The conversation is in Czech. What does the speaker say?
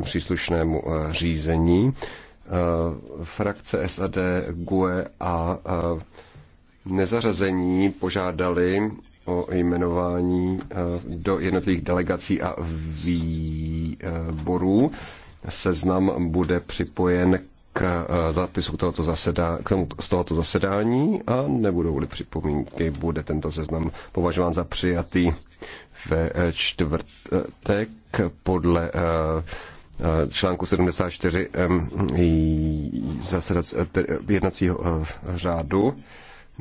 příslušnému eh, řízení. Eh, frakce SAD, GUE a e eh, nezařazení požádali o jmenování do jednotlivých delegací a výborů. Seznam bude připojen k zápisu tohoto zasedá, k tomu, z tohoto zasedání a nebudou-li připomínky, bude tento seznam považován za přijatý ve čtvrtek podle uh, článku 74 zasedac eh, jednacího eh, řádu.